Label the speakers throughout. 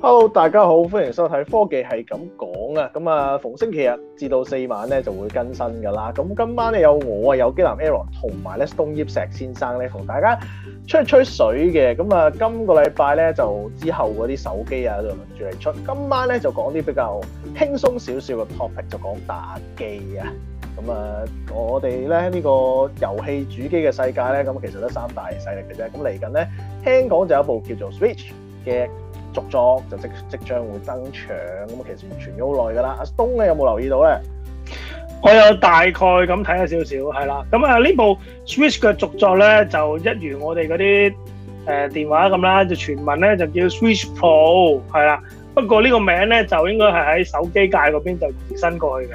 Speaker 1: Hello，大家好，歡迎收睇科技係敢講啊！咁啊，逢星期日至到四晚咧就會更新噶啦。咁今晚咧有我啊，有機男 Aaron 同埋咧 Stone Ip 石先生咧，同大家吹吹水嘅。咁啊，今個禮拜咧就之後嗰啲手機啊，就陸續嚟出。今晚咧就講啲比較輕鬆少少嘅 topic，就講打機啊。咁啊，我哋咧呢、呢個遊戲主機嘅世界咧，咁其實都三大勢力嘅啫。咁嚟緊咧，聽講就有一部叫做 Switch 嘅。續作就即即將會登場，咁啊，其實傳咗好耐噶啦。阿東咧有冇留意到咧？
Speaker 2: 我有大概咁睇下少少，係啦。咁啊呢部 Switch 嘅續作咧，就一如我哋嗰啲誒電話咁啦，就傳聞咧就叫 Switch Pro，係啦。不過呢個名咧就應該係喺手機界嗰邊就延伸過去嘅。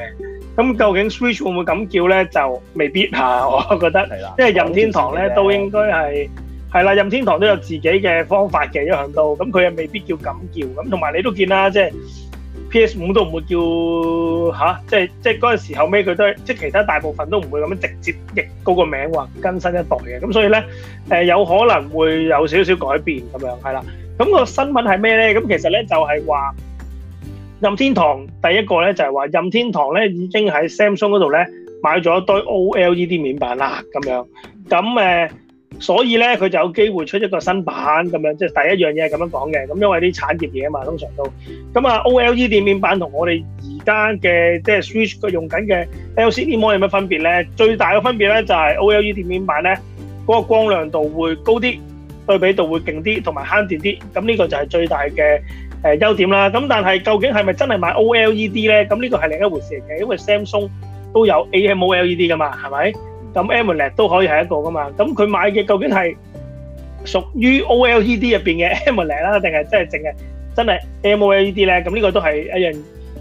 Speaker 2: 咁究竟 Switch 會唔會咁叫咧？就未必吓，我覺得。即係任天堂咧都應該係。係啦，任天堂都有自己嘅方法嘅，一向都，咁佢又未必叫咁叫，咁同埋你都見啦，即係 PS5 都唔會叫吓，即係即係嗰陣時後尾佢都即係其他大部分都唔會咁樣直接譯嗰個名或更新一代嘅。咁所以咧誒有可能會有少少改變咁樣，係啦，咁個新聞係咩咧？咁其實咧就係話任天堂第一個咧就係話任天堂咧已經喺 Samsung 嗰度咧買咗一堆 OLED 面板啦，咁樣咁誒。所以咧，佢就有機會出一個新版咁樣，即係第一樣嘢係咁樣講嘅。咁因為啲產業嘢啊嘛，通常都咁啊。OLED 電面板同我哋而家嘅即係 switch 佢用緊嘅 LCD 有乜分別咧？最大嘅分別咧就係 OLED 電面板咧嗰個光亮度會高啲，對比度會勁啲，同埋慳電啲。咁呢個就係最大嘅誒優點啦。咁但係究竟係咪真係買 OLED 咧？咁呢個係另一回事嘅，因為 Samsung 都有 AMOLED 噶嘛，係咪？咁 AMOLED 都可以係一個噶嘛？咁佢買嘅究竟係屬於 OLED 入邊嘅 AMOLED 啦，定係真係淨係真係 AMOLED 呢？咁呢個都係一樣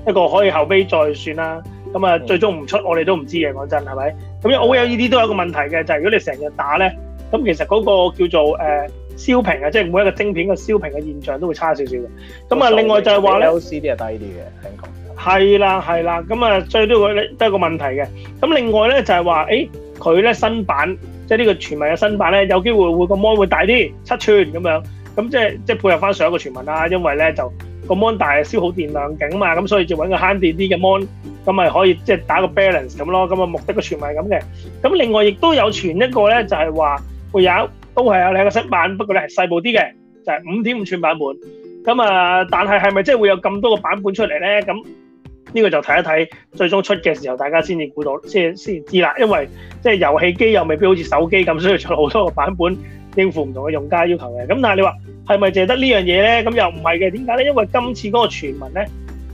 Speaker 2: 一個可以後尾再算啦。咁啊，最終唔出我哋都唔知嘅，講真係咪？咁樣 OLED 都有一個問題嘅，就係、是、如果你成日打咧，咁其實嗰個叫做誒、呃、燒屏啊，即、就、係、是、每一個晶片嘅燒屏嘅現象都會差少少嘅。
Speaker 1: 咁啊，另外就係話 LCD 係低啲嘅，聽
Speaker 2: 講係啦係啦，咁啊，最多都都係個問題嘅。咁另外咧就係話誒。欸佢咧新版，即係呢個傳聞嘅新版咧，有機會會個 mon 會大啲，七吋咁樣，咁即係即係配合翻上一個傳聞啦，因為咧就個 mon 大啊，消耗電量勁啊嘛，咁所以就搵個慳電啲嘅 mon，咁咪可以即係打個 balance 咁咯，咁啊目的個傳聞係咁嘅。咁另外亦都有傳一個咧，就係話會有都係有兩個新版，不過咧係細部啲嘅，就係五點五吋版本。咁啊，但係係咪即係會有咁多個版本出嚟咧？咁呢個就睇一睇最終出嘅時候，大家先至估到，先先知啦。因為即係遊戲機又未必好似手機咁，所以出好多個版本應付唔同嘅用家要求嘅。咁但係你話係咪淨係得呢樣嘢咧？咁又唔係嘅，點解咧？因為今次嗰個傳聞咧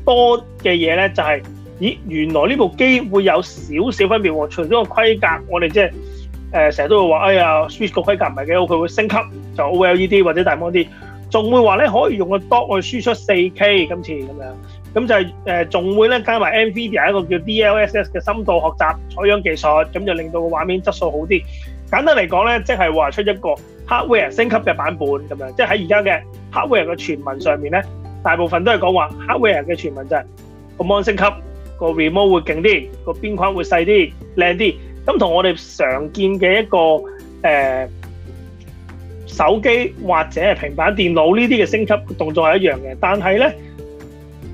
Speaker 2: 多嘅嘢咧就係，咦原來呢部機會有少少分別喎。除咗個規格，我哋即係誒成日都會話，哎呀 Switch 個規格唔係幾好，佢會升級就 OLED 或者大螢啲，仲會話咧可以用個 Dock 去輸出 4K 今次咁樣。.咁就係誒，仲會咧加埋 NVIDIA 一個叫 DLSS 嘅深度學習採樣技術，咁就令到個畫面質素好啲。簡單嚟講咧，即係話出一個 hardware 升級嘅版本咁樣，即係喺而家嘅 hardware 嘅傳聞上面咧，大部分都係講話 hardware 嘅傳聞就係個 mon 升級，個 remote 會勁啲，個邊框會細啲，靚啲。咁同我哋常見嘅一個誒、呃、手機或者係平板電腦呢啲嘅升級動作係一樣嘅，但係咧。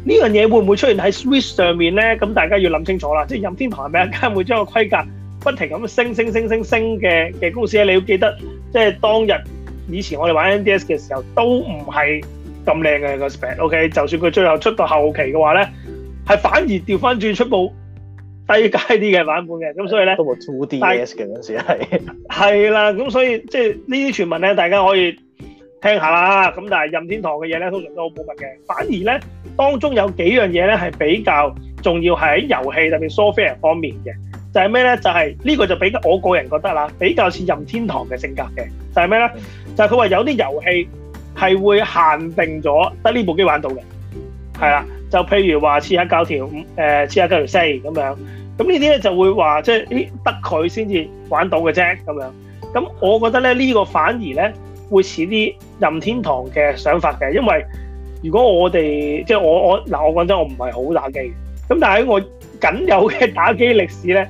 Speaker 2: 呢樣嘢會唔會出現喺 Switch 上面咧？咁大家要諗清楚啦。即係任天堂係咪一間會將個規格不停咁升升升升升嘅嘅公司咧？你要記得，即係當日以前我哋玩 NDS 嘅時候都唔係咁靚嘅個 spec。OK，就算佢最後出到後期嘅話咧，係反而調翻轉出部低階啲嘅版本嘅。咁所以咧都冇 2DS 嘅嗰陣時係係啦。咁 所以即係呢啲傳聞咧，大家可以，聽下啦，咁但係任天堂嘅嘢咧，通常都好保密嘅。反而咧，當中有幾樣嘢咧，係比較重要喺遊戲特別 software 方面嘅，就係咩咧？就係、是、呢、這個就比我個人覺得啦，比較似任天堂嘅性格嘅，就係咩咧？嗯、就係佢話有啲遊戲係會限定咗得呢部機玩到嘅，係啦。就譬如話刺客教條，誒刺客教條四」，咁、呃、樣，咁呢啲咧就會話即係，得佢先至玩到嘅啫咁樣。咁我覺得咧呢、這個反而咧。會似啲任天堂嘅想法嘅，因為如果我哋即係我我嗱，我講真，我唔係好打機。咁但係我僅有嘅打機歷史咧，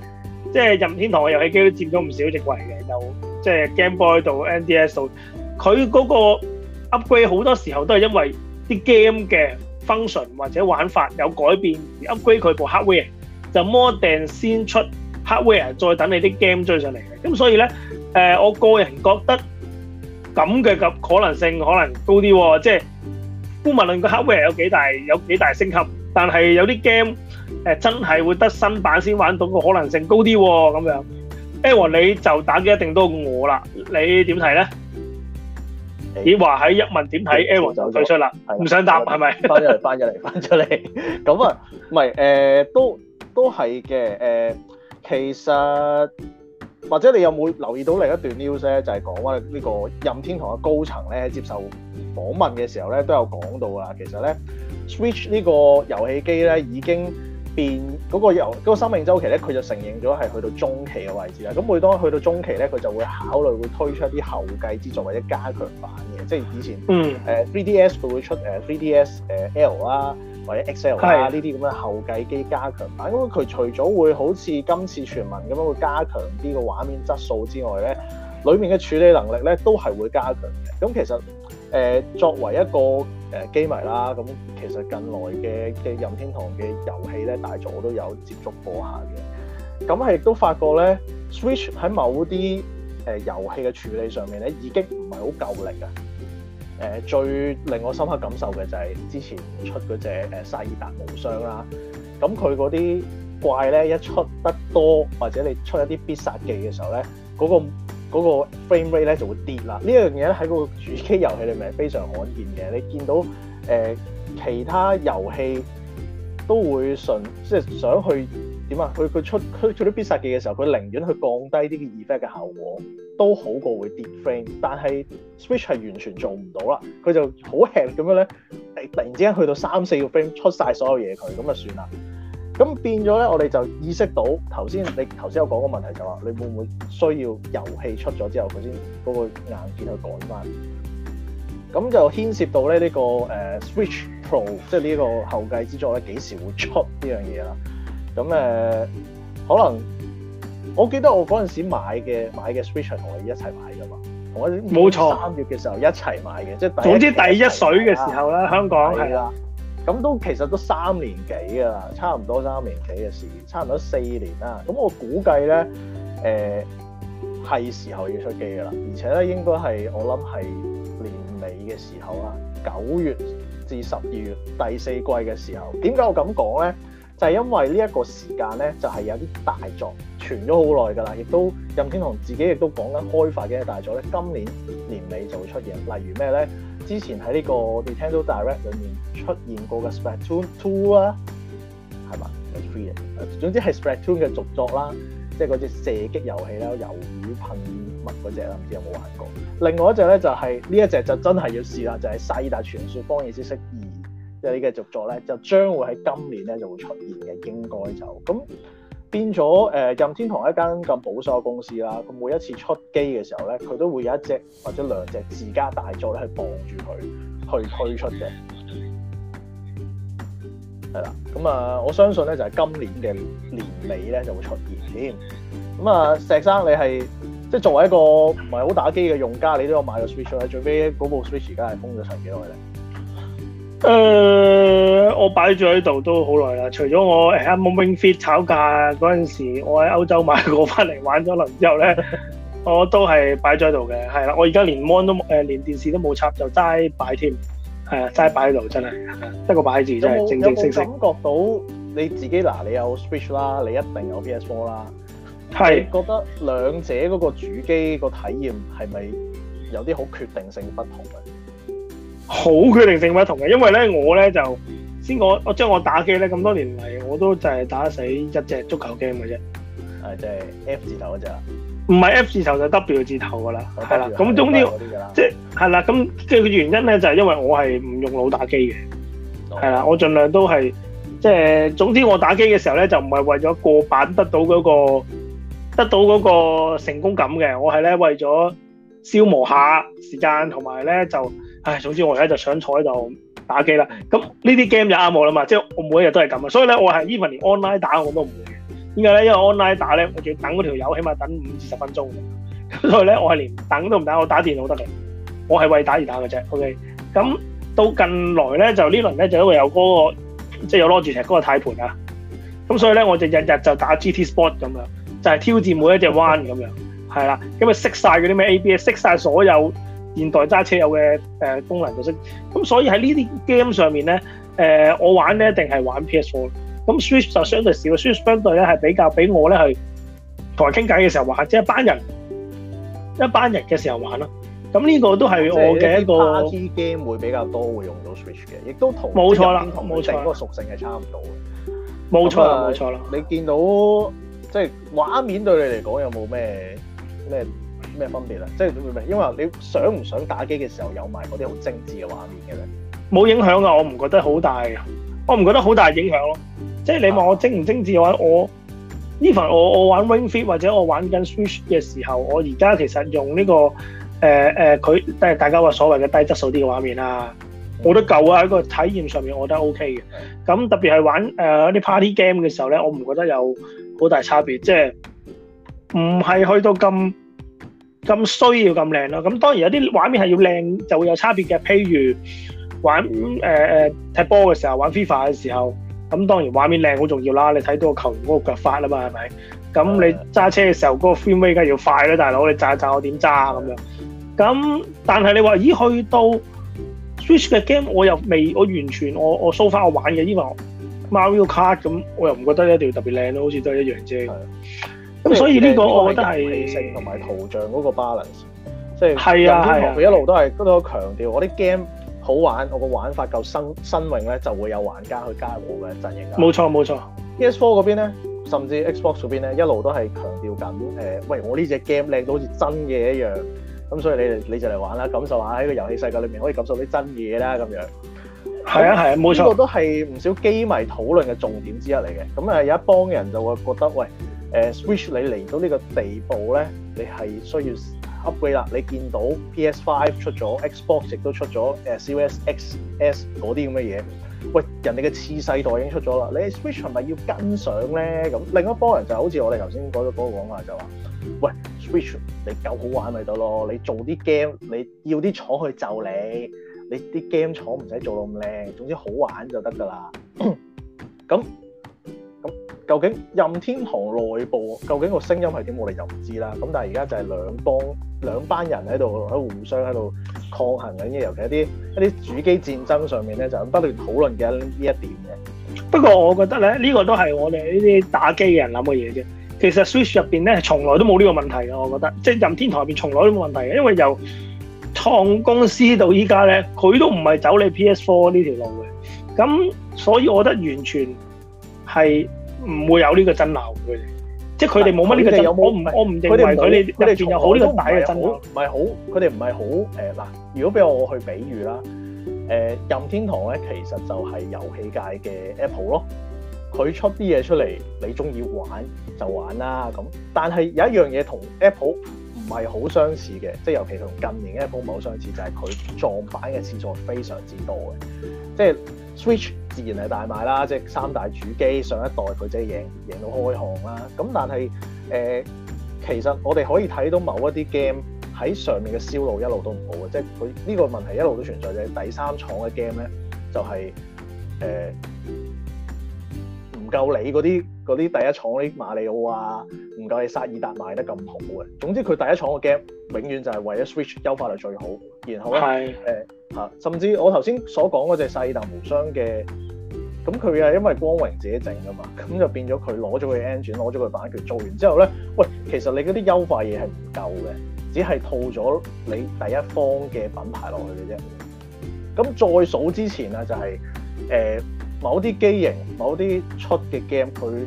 Speaker 2: 即係任天堂嘅遊戲機都佔咗唔少席位嘅，有即係 Game Boy 到 NDS 度，佢嗰個 upgrade 好多時候都係因為啲 game 嘅 function 或者玩法有改變而 upgrade 佢部 hardware。就摩掟先出 hardware，再等你啲 game 追上嚟嘅。咁所以咧，呃，我個人覺得。咁嘅個可能性可能高啲喎，即係估唔定個 hardware 有幾大有幾大升級，但係有啲 game 誒真係會得新版先玩到嘅可能性高啲喎，咁樣。Aaron 你就打機一定多過我啦，你點睇咧？
Speaker 1: 你話
Speaker 2: 喺一問點睇 Aaron 就退出啦，唔的想答係
Speaker 1: 咪？翻入嚟，翻入嚟，翻出嚟。咁啊， 唔係誒，都都係嘅誒，其實。或者你有冇留意到另一段 news 咧？就係講話呢個任天堂嘅高層咧，接受訪問嘅時候咧，都有講到啊。其實咧，Switch 呢個遊戲機咧已經變嗰、嗰個遊、嗰個、生命周期咧，佢就承認咗係去到中期嘅位置啦。咁每當去到中期咧，佢就會考慮會推出一啲後繼之作或者加強版嘅，即係以前嗯誒、呃、3DS 佢會出誒、呃、3DS 誒、呃、L 啊。或者 Excel 啊呢啲咁嘅後繼機加強版，咁佢是除咗會好似今次傳聞咁樣會加強啲個畫面質素之外咧，裏面嘅處理能力咧都係會加強嘅。咁其實誒作為一個誒機迷啦，咁其實近來嘅嘅任天堂嘅遊戲咧，大作我都有接觸過下嘅。咁係亦都發覺咧，Switch 喺某啲誒遊戲嘅處理上面咧，已經唔係好夠力啊。誒最令我深刻感受嘅就係之前出嗰隻誒《薩爾達無雙》啦，咁佢嗰啲怪咧一出得多，或者你出一啲必殺技嘅時候咧，嗰、嗰個嗰個 frame rate 咧就會跌啦。呢樣嘢咧喺嗰個主機遊戲裏面係非常罕見嘅，你見到誒、呃、其他遊戲都會順即係想去。點啊？佢佢出佢做啲必殺技嘅時候，佢寧願去降低呢啲 effect 嘅效果，都好過會跌 frame。但係 Switch 係完全做唔到啦，佢就好 hard 咁樣咧，突然之間去到三四個 frame 出晒所有嘢佢，咁就算啦。咁變咗咧，我哋就意識到頭先你頭先有講個問題就話、是，你會唔會需要遊戲出咗之後佢先嗰個硬件去改翻？咁就牽涉到咧、這、呢個誒、呃、Switch Pro，即係呢個後繼之作咧幾時會出呢樣嘢啦？咁、呃、可能我記得我嗰陣時買嘅買嘅 Switch 同我一齊買噶嘛，同我、冇錯、三月嘅時候一齊買嘅，即係總之第一水嘅時候咧，香港係啦。咁都其實都三年幾噶啦，差唔多三年幾嘅事，差唔多四年啦。咁我估計咧，呃、係時候要出機噶啦，而且咧應該係我諗係年尾嘅時候啦，九月至十二月第四季嘅時候。點解我咁講咧？就因為呢一個時間咧，就係、是、有啲大作傳咗好耐㗎啦，亦都任天堂自己亦都講緊開發嘅大作咧，今年年尾就會出現。例如咩咧？之前喺呢個 Nintendo Direct 裏面出現過嘅 Splatoon Two 啊，係嘛？Three，總之係 Splatoon 嘅續作啦，即係嗰隻射擊遊戲啦，魷魚噴墨物嗰隻啦，唔知有冇玩過？另外一隻咧就係、是、呢一隻就真係要試啦，就係《薩爾達傳說》幫嘢先識。即係呢個續作咧，就將會喺今年咧就會出現嘅，應該就咁變咗。誒、呃、任天堂一間咁保守嘅公司啦，佢每一次出機嘅時候咧，佢都會有一隻或者兩隻自家大作咧去傍住佢去推出嘅，係啦。咁啊，我相信咧就係、是、今年嘅年尾咧就會出現添。咁啊，石生你係即係作為一個唔係好打機嘅用家，你都有買過 Switch 嘅，最尾嗰部 Switch 而家係封咗成幾耐咧？
Speaker 2: 誒、呃，我擺咗喺度都好耐啦。除咗我誒啱啱 Ring Fit 炒價嗰陣時，我喺歐洲買過翻嚟玩咗輪之後咧，我都係擺咗喺度嘅。係啦，我而家連 mon 都誒，連電視都冇插，就齋擺添。係、呃、啊，齋擺喺度真係，得個擺字真係正正色色。有冇有冇
Speaker 1: 感覺到你自己嗱？你有 Switch 啦，你一定有 PS Four 啦，係覺得兩者嗰個主機個體驗係咪有啲好決定性不同啊？
Speaker 2: 好決定性不同嘅，因為咧我咧就先講，我將我打機咧咁多年嚟，我都就係打死一隻足球 game 嘅啫，
Speaker 1: 係即係 F 字頭
Speaker 2: 嗰隻，唔係 F 字頭就是、W 字頭噶、啊、啦，係、啊、啦，咁總之即係係啦，咁嘅原因咧就係、是、因為我係唔用腦打機嘅，係、哦、啦，我盡量都係即係總之我打機嘅時候咧就唔係為咗過版得到嗰、那個得到嗰個成功感嘅，我係咧為咗消磨下時間同埋咧就。唉，總之我而家就想坐喺度打機啦。咁呢啲 game 就啱我啦嘛，即係我每一日都係咁啊。所以咧，我係 even 連 online 打我都唔會。點解咧？因為 online 打咧，我要等嗰條友，起碼等五至十分鐘而已。咁所以咧，我係連等都唔等，我打電腦得嘅。我係為打而打嘅啫。OK，咁到近來咧就輪呢輪咧就因為有嗰、那個即係、就是、有 Logitech 嗰個軚盤啊。咁所以咧，我就日日就打 GT Sport 咁樣，就係、是、挑戰每一隻彎咁樣，係啦。咁啊，熄晒嗰啲咩 ABS，熄晒所有。現代揸車有嘅功能就識、是，咁所以喺呢啲 game 上面咧，我玩咧一定係玩 PS4。咁 Switch 就相對少，Switch 相對咧係比較俾我咧係同人傾偈嘅時候玩，即係班人一班人嘅時候玩
Speaker 1: 咯。咁呢
Speaker 2: 個都係我嘅一個
Speaker 1: game 會比較多會用到 Switch 嘅，亦都同冇錯啦，冇錯。同成個屬性係差唔多
Speaker 2: 嘅，冇錯冇錯
Speaker 1: 啦。就是、你見到即、就是、畫面對你嚟講有冇咩咩？咩分別咧？即係會唔會因為你想唔想打機嘅時候有埋嗰啲好精緻嘅畫面
Speaker 2: 嘅咧？冇影響啊！我唔覺得好大，
Speaker 1: 我唔覺得好大影響
Speaker 2: 咯。即係你問我精唔精緻嘅話，啊、我 even 我我玩 Wing Fit 或者我玩緊 Switch 嘅時候，我而家其實用呢、呢個誒誒佢誒大家話所謂嘅低質素啲嘅畫面啦，嗯、我都夠啊！喺個體驗上面，我覺得 OK 嘅。咁特別係玩誒啲、呃、Party Game 嘅時候咧，我唔覺得有好大差別，即係唔係去到咁。咁需要咁靚咯，咁當然有啲畫面係要靚就會有差別嘅。譬如玩誒誒、呃、踢波嘅時候，玩《FIFA》嘅時候，咁當然畫面靚好重要啦。你睇到個球員個腳法啊嘛，係咪？咁你揸車嘅時候，嗰、嗰個 frame rate 梗係要快啦，大佬。你揸一揸我點揸咁樣？咁但係你話咦，去到 Switch 嘅 game 我又未，我完全我我 show 翻我玩嘅，因為我 Mario Kart 咁，我又唔覺得一定要特別靚咯，好似都係一樣啫。
Speaker 1: 咁所以呢個，我覺得係遊戲性同埋圖像嗰個 balance，即係任天堂佢一路都係都都強調，我啲 game 好玩，啊、我個玩法夠新新穎咧，就會有玩家去加我嘅陣營。冇錯冇錯，PS Four 嗰邊咧，甚至 Xbox 嗰邊咧，一路都係強調緊誒，喂、欸！我呢隻 game 靚到好似真嘢一樣，咁所以你你就嚟玩啦，感受下喺個遊戲世界裏面可以感受啲真嘢啦咁樣。係啊係啊，冇、啊、錯，呢個都係唔少機迷討論嘅重點之一嚟嘅。咁誒有一幫人就會覺得，喂！誒 Switch 你嚟到呢個地步咧，你係需要 upgrade 啦。你見到 PS5 出咗，Xbox 亦都出咗，誒 CSX S 嗰啲咁嘅嘢。喂，人哋嘅次世代已經出咗啦，你 Switch 係咪要跟上咧？咁另一波人就好似我哋頭先講咗嗰個講話就話，就喂 Switch 你夠好玩咪得咯？你做啲 game 你要啲廠去就你，你啲 game 廠唔使做到咁靚，總之好玩就得噶啦。咁究竟任天堂內部究竟個聲音係點？我哋又唔知啦。咁但係而家就係兩幫兩班人喺度喺互相喺度抗衡緊嘅，尤其係啲一啲主機戰爭上面咧，就喺不斷討論嘅呢一點嘅。
Speaker 2: 不過我覺得咧，呢個都係我哋呢啲打機嘅人諗嘅嘢啫。其實 Switch 入邊咧，從來都冇呢個問題嘅。我覺得即係任天堂入邊從來都冇問題嘅，因為由創公司到依家咧，佢都唔係走你 PS Four 呢條路嘅。咁所以我覺得完全係。唔會有呢個爭拗，佢哋，即係佢哋冇乜呢個有，有我唔我唔認為佢哋佢哋仲有好呢個大嘅爭，
Speaker 1: 唔係好佢哋唔係好誒嗱。如果俾我去比喻啦，誒、呃、任天堂咧其實就係遊戲界嘅 Apple 咯。佢出啲嘢出嚟，你中意玩就玩啦。咁但係有一樣嘢同 Apple 唔係好相似嘅，即係尤其同近年嘅 Apple 冇相似，就係、是、佢撞板嘅次數非常之多嘅，即係 Switch。自然係大賣啦，即係三大主機上一代佢真係贏贏到開巷啦。咁但係誒、呃，其實我哋可以睇到某一啲 game 喺上面嘅銷路一路都唔好嘅，即係佢呢個問題一路都存在啫。第三廠嘅 game 咧就係、是、誒。呃夠你嗰啲嗰啲第一廠嗰啲馬里奧啊，唔夠你薩爾達賣得咁好嘅。總之佢第一廠嘅 game 永遠就係為咗 Switch 優化率最好。然後咧，誒吓的，甚至我頭先所講嗰隻薩爾達無雙嘅，咁佢又因為光榮自己整㗎嘛，咁就變咗佢攞咗佢 engine，攞咗佢版權，做完之後咧，喂，其實你嗰啲優化嘢係唔夠嘅，只係套咗你第一方嘅品牌落去嘅啫。咁再數之前啊、就是，就係誒。某啲機型，某啲出嘅 game 佢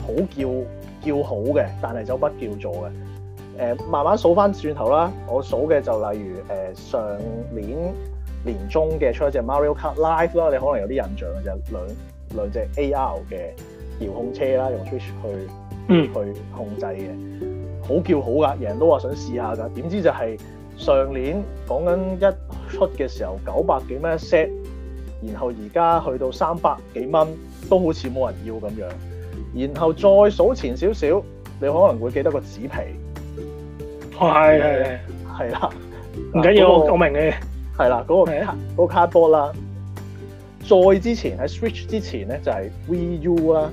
Speaker 1: 好叫叫好嘅，但係就不叫做嘅、呃。慢慢數翻轉頭啦，我數嘅就例如、呃、上年年中嘅出一隻 Mario Kart Live 啦，你可能有啲印象嘅啫、就係，兩隻 AR 嘅遙控車啦，用 Switch 去、嗯、去控制嘅，好叫好㗎，人人都話想試一下㗎，點知就係上年講緊一出嘅時候九百幾蚊 set。然後而家去到三百幾蚊都好似冇人要咁樣，然後再數前少少，你可能會記得個紙皮，係係的係，啦、嗰個，
Speaker 2: 唔緊要，我我
Speaker 1: 明嘅，係啦，嗰、嗰個嗰的個卡波啦，的 board, 再之前喺 Switch 之前咧就係、是、Wii U 啦，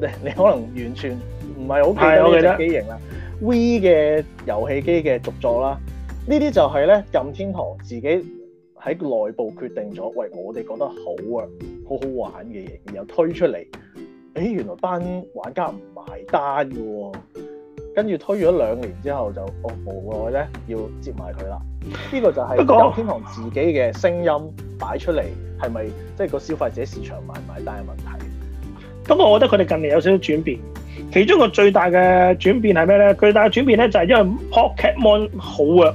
Speaker 1: 你你可能完全唔係好記得呢對隻機型啦，Wii 嘅遊戲機嘅續作啦，呢啲就係咧任天堂自己。喺內部決定咗，喂，我哋覺得好啊，好好玩嘅嘢，然後推出嚟，誒，原來班玩家唔埋單嘅喎、哦，跟住推咗兩年之後就，就哦無奈咧要接埋佢啦。呢、這個就係任天堂自己嘅聲音擺出嚟，係咪但即係個消費者市場買唔買單嘅問題？
Speaker 2: 咁我覺得佢哋近年有少少轉變，其中一個最大嘅轉變係咩咧？最大嘅轉變咧就係因為 Pokemon、ok、好啊，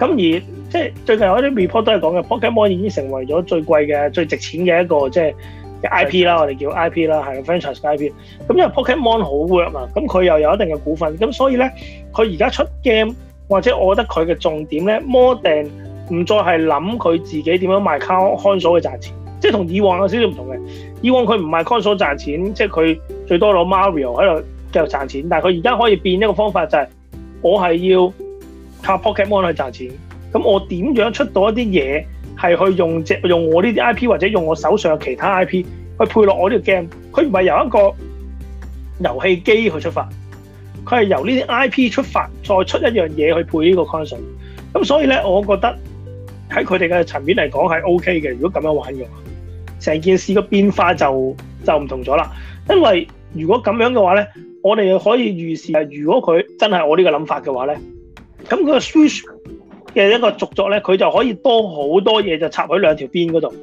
Speaker 2: 咁的而。即係最近有啲 report 都係講嘅，Pokemon、ok、已經成為咗最貴嘅、最值錢嘅一個即係、就是、IP 啦，我哋叫 IP 啦，係 Franchise IP。咁因為 Pokemon、ok、好 work 啊，咁佢又有一定嘅股份，咁所以咧，佢而家出 game 或者我覺得佢嘅重點咧，more than 唔再係諗佢自己點樣賣 console 去賺錢，即係同以往有少少唔同嘅。以往佢唔賣 console 賺錢，即係佢最多攞 Mario 喺度繼續賺錢，但係佢而家可以變一個方法，就係、是、我係要靠 Pokemon、ok、去賺錢。咁我點樣出到一啲嘢係去用只用我呢啲 IP 或者用我手上嘅其他 IP 去配落我呢個 game？佢唔係由一個遊戲機去出發，佢係由呢啲 IP 出發再出一樣嘢去配呢個 console。咁所以咧，我覺得喺佢哋嘅層面嚟講係 OK 嘅。如果咁樣玩嘅話，成件事嘅變化就就唔同咗啦。因為如果咁樣嘅話咧，我哋可以預示係如果佢真係我呢個諗法嘅話咧，咁個 switch 嘅一個續作咧，佢就可以多好多嘢，就插喺兩條邊嗰度，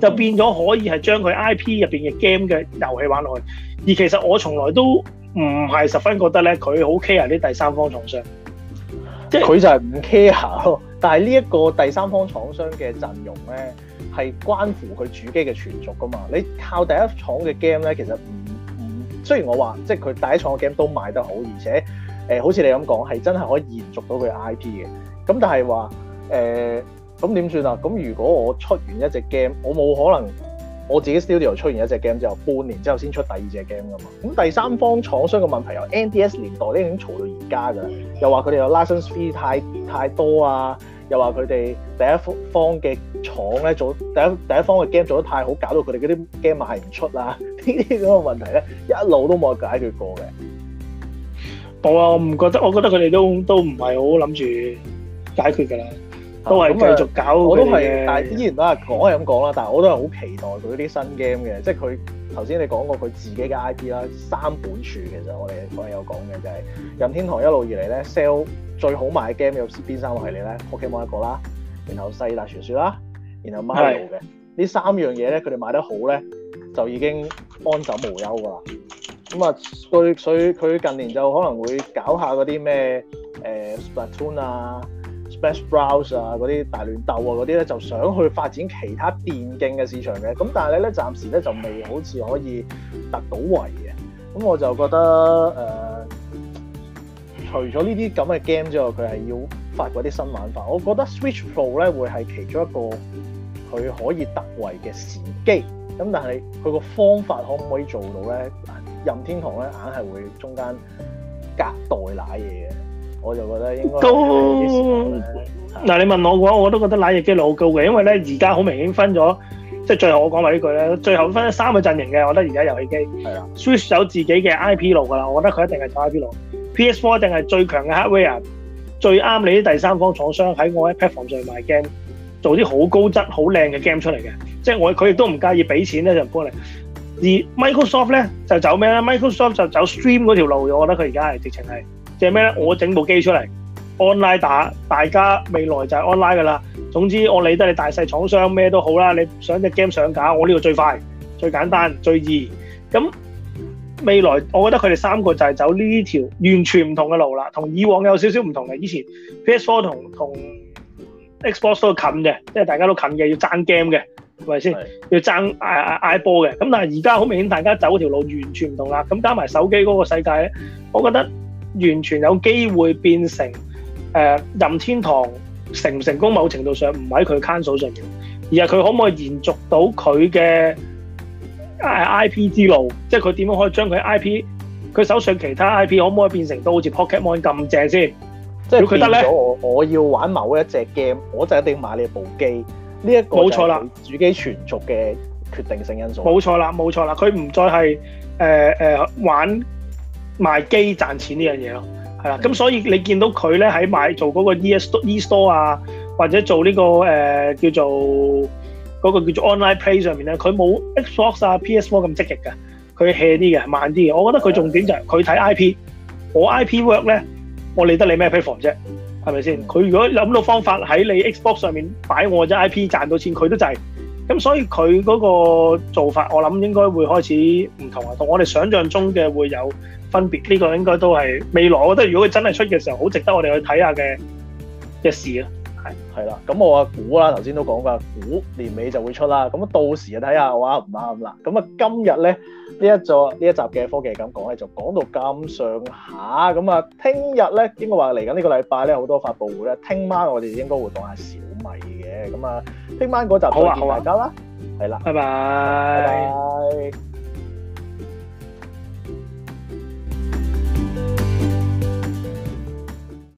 Speaker 2: 就變咗可以係將佢 IP 入邊嘅 game 嘅遊戲玩落去。而其實我從
Speaker 1: 來都唔係十分覺得咧，佢好 care 啲第三方廠商，即係佢就係唔 care。但係呢一個第三方廠商嘅陣容咧，係關乎佢主機嘅存續噶嘛。你靠第一廠嘅 game 咧，其實唔唔、嗯嗯，雖然我話即係佢第一廠嘅 game 都賣得好，而且。呃、好似你咁講，係真係可以延續到佢 IP 嘅。咁但係話咁點算啊？咁、呃、如果我出完一隻 game，我冇可能我自己 studio 出完一隻 game 之後，半年之後先出第二隻 game 噶嘛？咁第三方廠商嘅問題由 NDS 年代咧已經嘈到而家㗎，又話佢哋有 license fee 太太多啊，又話佢哋第一方嘅廠咧做第一第一方嘅 game 做得太好，搞到佢哋嗰啲 game 賣唔出啊，呢啲咁嘅問題咧一路都冇解決過嘅。冇啊！我唔覺得，我覺得佢哋都都唔係好諗住解決㗎啦，都係繼續搞佢嘅。我都係，但係依然都係講係咁講啦，但係我都係好期待佢啲新 game 嘅。即係佢頭先你講過佢自己嘅 IP 啦，三本柱其實我哋講有講嘅就係任天堂一路以嚟咧，sell 最好賣嘅 game 有邊三個系列咧？Pokemon 一個啦，然後世達傳説啦，然後 Mario 嘅呢三樣嘢咧，佢哋賣得好咧，就已經安枕無憂㗎啦。咁啊，所以佢近年就可能會搞下嗰啲咩誒、欸，Splatoon 啊、Smash Bros 啊嗰啲大亂鬥啊嗰啲咧，就想去發展其他電競嘅市場嘅。咁但係咧，暫時咧就未好似可以突到圍嘅。咁我就覺得誒、呃，除咗呢啲咁嘅 game 之外，佢係要發掘啲新玩法。我覺得 Switch Pro 咧會係其中一個佢可以突圍嘅時機。咁但係佢個方法可唔可以做到咧？任天堂咧，硬係會中間隔代奶嘢嘅，我就覺得應該嗱你
Speaker 2: 問我嘅話，我都覺得奶嘢機率好高嘅，因為咧而家好明顯分咗，即係最後我講埋呢句咧，最後分咗三個陣營嘅，我覺得而家遊戲機的，Switch 有自己嘅 IP 路噶啦，我覺得佢一定係走 IP 路 PS4 一定係最強嘅 hardware，最啱你啲第三方廠商喺我喺 platform 上賣 game，做啲好高質、好靚嘅 game 出嚟嘅，即係我佢亦都唔介意俾錢咧就幫你。而 Microsoft 咧就走咩咧？Microsoft 就走 Stream 嗰條路嘅，我覺得佢而家係直情係即係咩咧？我整部機出嚟 online 打，大家未來就係 online 噶啦。總之我理得你大細廠商咩都好啦，你想隻 game 上架，我呢個最快、最簡單、最易。咁未來我覺得佢哋三個就係走呢條完全唔同嘅路啦，同以往有少少唔同嘅。以前 PS4 同同 Xbox 都近嘅，即係大家都近嘅，要爭 game 嘅。係咪先？要爭嗌，嗌波嘅，咁的但係而家好明顯，大家走條路完全唔同啦。咁加埋手機嗰個世界咧，我覺得完全有機會變成誒、呃、任天堂成唔成功，某程度上唔喺佢 count 上面，而係佢可唔可以延續到佢嘅 IP 之路，即係佢點樣可以將佢 IP 佢手上其他 IP 可唔可以變成都好似 Pokémon 咁正先？即係變咗我、嗯、我，得
Speaker 1: 我要玩某一隻 game，我就一定買你的部機。呢一個冇錯啦，主機存續嘅決定性因素錯。冇
Speaker 2: 錯啦，冇錯啦，佢唔
Speaker 1: 再係誒誒玩
Speaker 2: 賣機賺錢呢樣嘢咯，係啦。咁、嗯、所以你見到佢咧喺賣做嗰個 ES, E S E Store 啊，或者做呢、這個誒、呃、叫做嗰、那個叫做 Online Play 上面咧，佢冇 Xbox 啊、P S Four 咁積極嘅，佢 hea 啲嘅，慢啲嘅。我覺得佢重點就係、是、佢睇 I P，我 I P work 咧，我理得你咩 performance 啫。係咪先？佢如果諗到方法喺你 Xbox 上面擺我隻 IP 賺到錢，佢都滯。咁所以佢嗰個做法，我諗應該會開始唔同啊，同我哋想像中嘅會有分別。呢個應該都係未來，我覺得如果佢真係出嘅時候，好值得我哋去睇下嘅
Speaker 1: 嘅事啊！係啦，咁我啊估啦，頭先都講過，估年尾就會出啦，咁到時就睇下我啱唔啱啦，咁啊今日咧呢一座呢一集嘅科技咁講咧，就講到咁上下，咁啊聽日咧應該話嚟緊呢個禮拜咧好多發布會咧，聽晚我哋應該會講下小米嘅，咁啊聽晚嗰集再見大家啦，係啦，啊，拜拜。